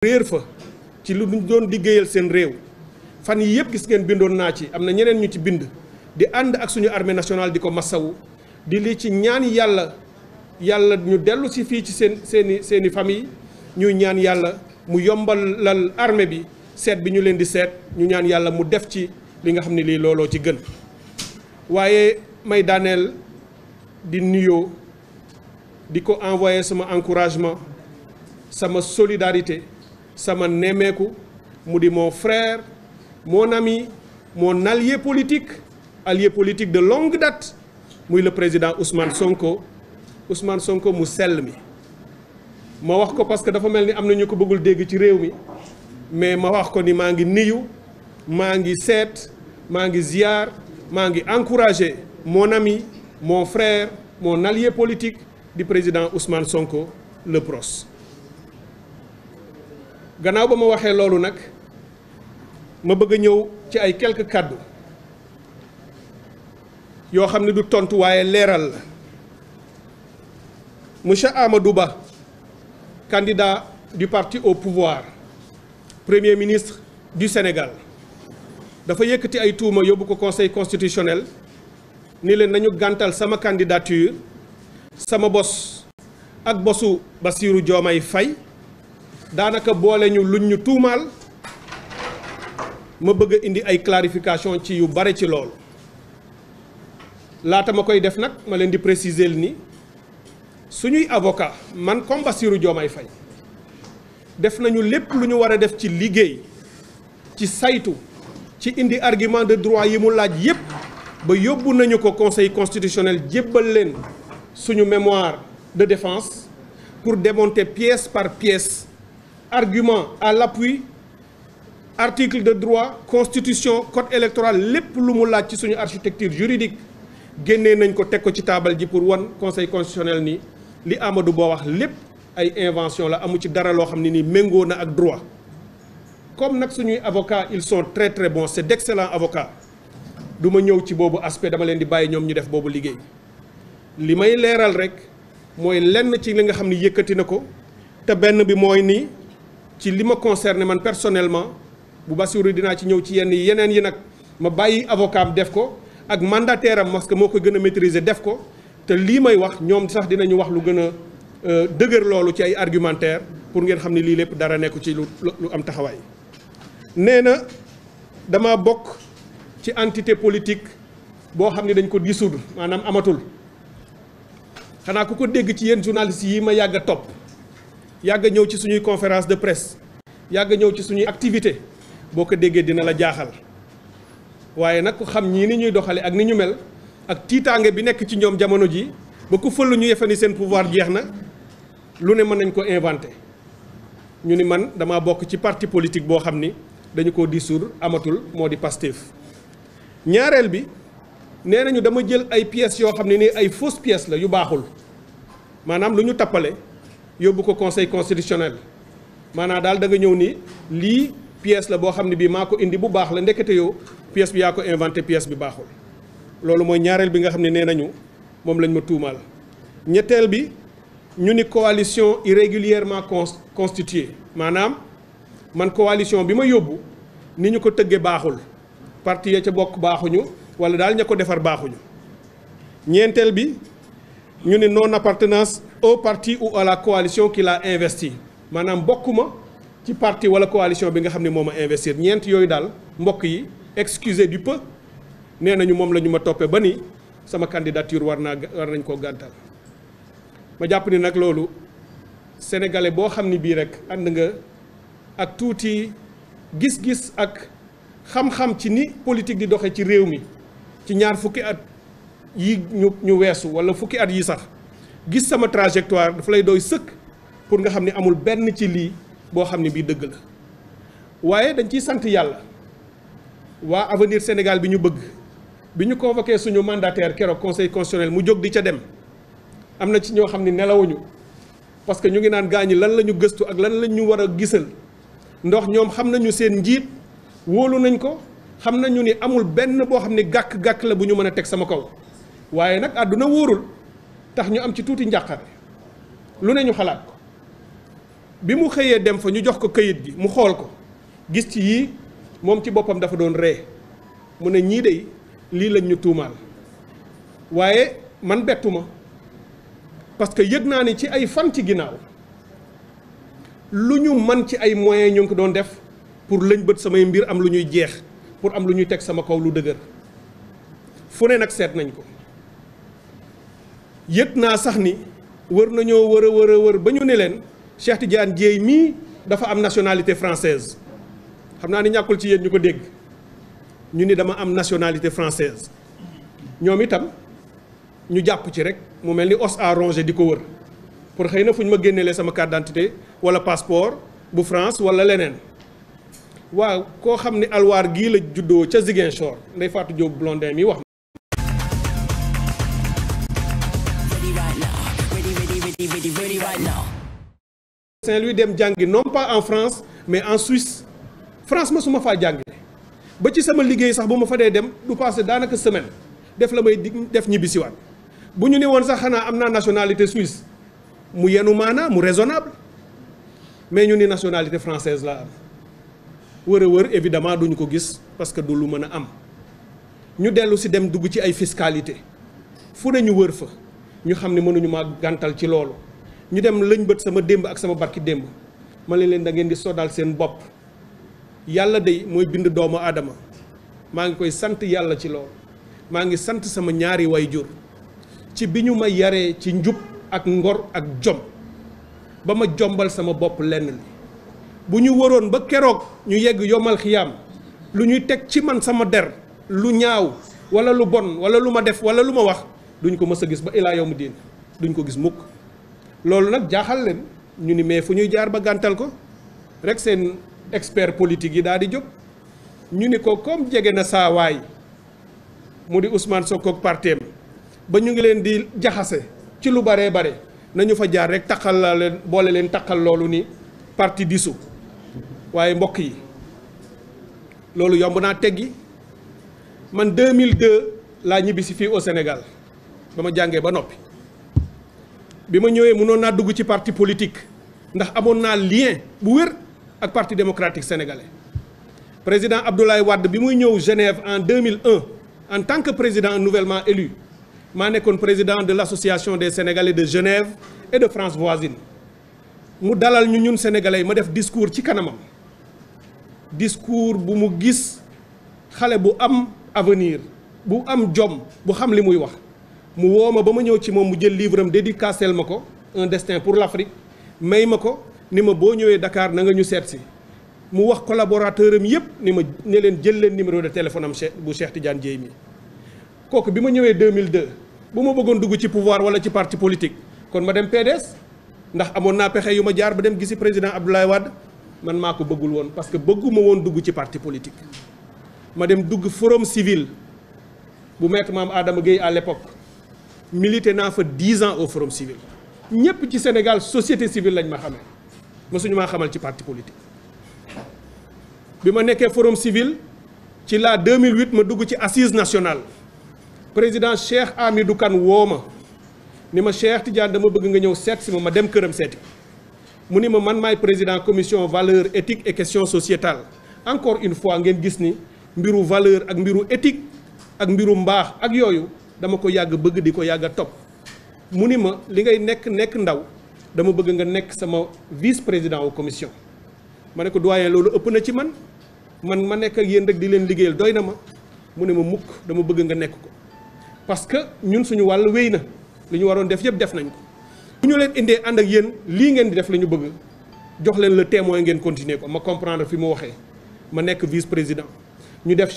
réer fa ci lu ñu doon liggéeyal seen réew fan yi yëpp gis ngeen bindoon naa ci am na ñeneen ñu ci bind di ànd ak suñu armée nationale di ko massawu di li ci ñaan yàlla yàlla ñu dellu si fii ci seen seeni seeni famille ñuy ñaan yàlla mu yombalal armée bi seet bi ñu leen di seet ñu ñaan yàlla mu def ci li nga xam ne lii looloo ci gën waaye may daaneel di nuyoo di ko envoyer sama encouragement sama solidarité sama nemmeeku mu di mon frère mon ami mon allié politique allié politique de longue date muy le président Ousmane Sonko Ousmane Sonko mu sell mi ma wax ko parce que dafa mel ni am na ñu ko bëggul dégg ci réew mi mais ma wax ko ni maa ngi niyu maa ngi seet maa ngi ziar maa ngi encouragé mon ami mon frère mon allié politique di président Ousmane Sonko le PROS gannaaw ba ma waxee loolu nag ma bëgg a ñëw ci ay quelques kàddu yoo xam ne du tontu waaye leeral la monsieur Amadou Ba candidat du parti au pouvoir premier ministre du Sénégal dafa yëkkati ay tuuma yóbbu ko conseil constitutionnel ni leen nañu gàntal sama candidature sama bos ak bosu joom ay fay daanaka boole ñu luñ ñu tuumaal ma bëgg indi ay clarification ci yu bare ci lool laata ma koy def nag ma leen di préciser ni suñuy avocat man comme Bassirou ay Faye def nañu lépp lu ñu war a def ci liggéey ci saytu ci indi argument de droit yi mu laaj yépp ba yóbbu nañu ko conseil constitutionnel jébbal leen suñu mémoire de défense pour démonter pièce par pièce argument à l'appui article de droit constitution code électoral lépp lu mu laaj ci suñu architecture juridique génnee nañ ko teg ko ci taabal ji pour wan conseil constitutionnel ni li Amadou Ba wax lépp ay invention la amu ci dara loo xam ne nii méngoo na ak droit comme nag suñuy avocats ils sont très très bons c'est d'excellents avocats du ma ñëw ci boobu aspect dama leen di bàyyi ñoom ñu def boobu liggéey li may leeral rek mooy lenn ci li nga xam ni yëkkati na ko te benn bi mooy nii ci li ma concerné man personnellement bu Bassirou dinaa ci ñëw ci yenn yi yeneen yi nag ma bàyyi avocat def ko ak mandataire am parce que moo ko gën a maîtriser def ko te lii may wax ñoom sax dinañu wax lu gën a euh, dëgër loolu ci ay argumentaire pour ngeen xam ne lii lépp dara nekku ci lu lu am taxawaay nee na dama bokk ci antité politique boo xam ne dañ ko dissoudre maanaam amatul xanaa ku ko dégg ci yenn journalistes yi ma yàgg a topp yàgg ñëw ci suñuy conférence de presse yàgg ñëw ci suñuy activité boo ko déggee dina la jaaxal waaye nag ku xam ñii ni ñuy doxale ak ni ñu mel ak tiitaange bi nekk ci ñoom jamono ji ba ku fëllu ñu yefe ni seen pouvoir jeex na lu ne mën nañ ko inventé ñu ni man dama bokk ci parti politique boo xam ni dañu ko dissoudre amatul moo di Pastef ñaareel bi nee nañu dama jël ay pièces yoo xam ne ni ay fausses pièces la yu baaxul maanaam lu ñu tappale yóbbu ko conseil constitutionnel maanaam daal da nga ñëw ni lii pièce la boo xam ne bii maa ko indi bu baax la ndekete yow pièce bi yaa ko inventé pièce bi baaxul loolu mooy ñaareel bi nga xam ne nee nañu moom lañ ma tuumaal ñetteel bi ñu ni coalition irrégulièrement constituée maanaam man coalition bi ma yóbbu ni ñu ko tëggee baaxul partie ya ca bokk baaxuñu wala daal ña ko defar baaxuñu ñeenteel bi ñu ne non appartenance au parti ou à la coalition qui l'a investi maanaam ma ci parti wala coalition bi nga xam ne moo ma investir ñeent yooyu daal mbokk yi excuser du peu nee nañu moom la ñu ma toppee ba ni sama candidature war naa war nañ koo gantal ma jàpp ni nag loolu sénégalais boo xam ni bii rek ànd nga ak tuuti gis-gis ak xam-xam ci ni politique di doxe ci réew mi ci ñaar fukki at yi ñu ñu weesu wala fukki at yi sax gis sama trajectoire dafa lay doy sëkk pour nga xam ni amul benn ci lii boo xam ne bii dëgg la waaye dañ ciy sant yàlla waa avenir Sénégal bi ñu bëgg bi ñu convoqué suñu mandataire keroog conseil mu jóg di ca dem am na ci ñoo xam ne nelawuñu parce que ñu ngi naan gaañi lan la ñu gëstu ak lan la ñu war a gisal ndox ñoom xam nañu seen njiit wóolu nañ ko xam nañu ni amul benn boo xam ne gàkk-gàkk la bu ñu mën a teg sama kaw waaye nag àdduna wóorul tax ñu am ci tuuti njàqare lu ne ñu xalaat ko bi mu xëyee dem fa ñu jox ko këyit gi mu xool ko gis ci yii moom ci boppam dafa doon ree mu ne ñii de lii lañ ñu tuumaal waaye man bettuma parce que yëg naa ni ci ay fan ci ginnaaw lu ñu man ci ay moyens ñu ngi ko doon def pour lañ bët samay mbir am lu ñuy jeex pour am lu ñuy teg sama kow lu dëgër fu ne nag seet nañ ko yëg naa sax ni wër nañoo wër a wër a wër ba ñu ne leen Cheikh Tidiane Dièye mii dafa am nationalité francaise xam naa ni ñàkkul ci yéen ñu ko dégg ñu ni dama am nationalité française ñoom itam ñu jàpp ci rek mu mel ni os à di ko wër pour xëy na fu ma génnee lee sama carte d'identité wala passeport bu France wala leneen waaw koo xam ni alwaar gii la juddoo ca Ziguinchor nday Fatou Diop Blondin mi wax really really really right now. louis dem jàngi non pas en France mais en Suisse France ma su ma faa jàngi ba ci sama liggéey sax bu ma fa dee dem du passé daanaka semaine def la may def ñibbisiwaat bu ñu ne woon sax xanaa am naa nationalité suisse mu yenu maana mu raisonnable mais ñu ni nationalité française la am wër a wër évidemment duñu ko gis parce que du lu mën a am ñu dellu si dem dugg ci ay fiscalité fu ne ñu wër fa ñu xam ne mënuñu ma gàntal ci loolu ñu dem lëñ bët sama démb ak sama barki démb ma ne leen da ngeen di sodal seen bopp yàlla day mooy bind doomu aadama maa ngi koy sant yàlla ci loolu maa ngi sant sama ñaari waajur ci bi ñu ma yaree ci njub ak ngor ak jom ba ma jombal sama bopp lenn li bu ñu waroon ba keroog ñu yegg yomal xiyaam lu ñuy teg ci man sama der lu ñaaw wala lu bon wala lu ma def wala lu ma wax duñ ko mës a gis ba ilaa yow mu diin duñ ko gis mukk loolu nag jaaxal leen ñu ni mais fu ñuy jaar ba gàntal ko rek seen expert politique yi daal di jóg ñu ni ko comme jege na saawaay mu di Ousmane Sonko ko parteem ba ñu ngi leen di jaxase ci lu baree bare nañu fa jaar rek taxal la leen boole leen taxal loolu ni parti disu waaye mbokk yi loolu yomb naa teggi man 2002 laa ñibbisi fii au Sénégal ba ma jàngee ba noppi bi ma ñëwee mënoon naa dugg ci parti politique ndax amoon naa lien bu wér ak parti démocratique sénégalais président Abdoulaye Wade bi muy ñëw Genève en 2001 en tant que président nouvellement élu maa nekkoon président de l'association des sénégalais de Genève et de France voisine mu dalal ñu ñun sénégalais ma def discours ci kanamam discours bu mu gis xale bu am avenir bu am jom bu xam li muy wax. mu woo ma ba ma ñëw ci moom mu jël livre di dédicacel ma ko un destin pour l'Afrique may ma ko ni ma boo ñëwee dakaar na nga ñu seet si mu wax collaborateur am yëpp ni ma ne leen jël leen numéro de téléphone am Cheikh bu Cheikh Tidiane Dieye mi kooku bi ma ñëwee 2002 bu ma bëggoon dugg ci pouvoir wala ci parti politique kon ma dem PDS ndax amoon naa pexe yu ma jaar ba dem gisi président Abdoulaye Wade man maa ko bëggul woon parce que bëgguma woon dugg ci parti politique ma dem dugg forum civil bu maître maam Adama Gueye à l'époque milité naa fa dix ans au forum civil ñëpp ci Sénégal société civile lañ ma xamee mosuñu maa xamal ci parti politique bi ma nekkee forum civil ci la 2008 ma dugg ci assise nationale président Cheikh du Kane woo ma ni ma Cheikh Tidiane dama bëgg nga ñëw seet si ma ma dem këram seeti mu ni ma man maay président commission valeur éthique et questions sociétales encore une fois ngeen gis ni mbiru valeur ak mbiru éthique ak mbiru mbaax ak yooyu dama ko yàgg bëgg di ko yàgg a topp mu ni ma li ngay nekk nekk ndaw dama bëgg nga nekk sama vice président wu commission ma ne ko doyen loolu ëpp na ci man man ma nekk ak yéen rek di leen liggéeyal doy na ma mu ne ma mukk dama bëgg nga nekk ko parce que ñun suñu wàll wéy na li ñu waroon def yëpp def nañ ko bu ñu leen indee ànd ak yéen lii ngeen di def la ñu bëgg jox leen le témoin ngeen continuer ko ma comprendre fi mu waxee ma nekk vice président ñu def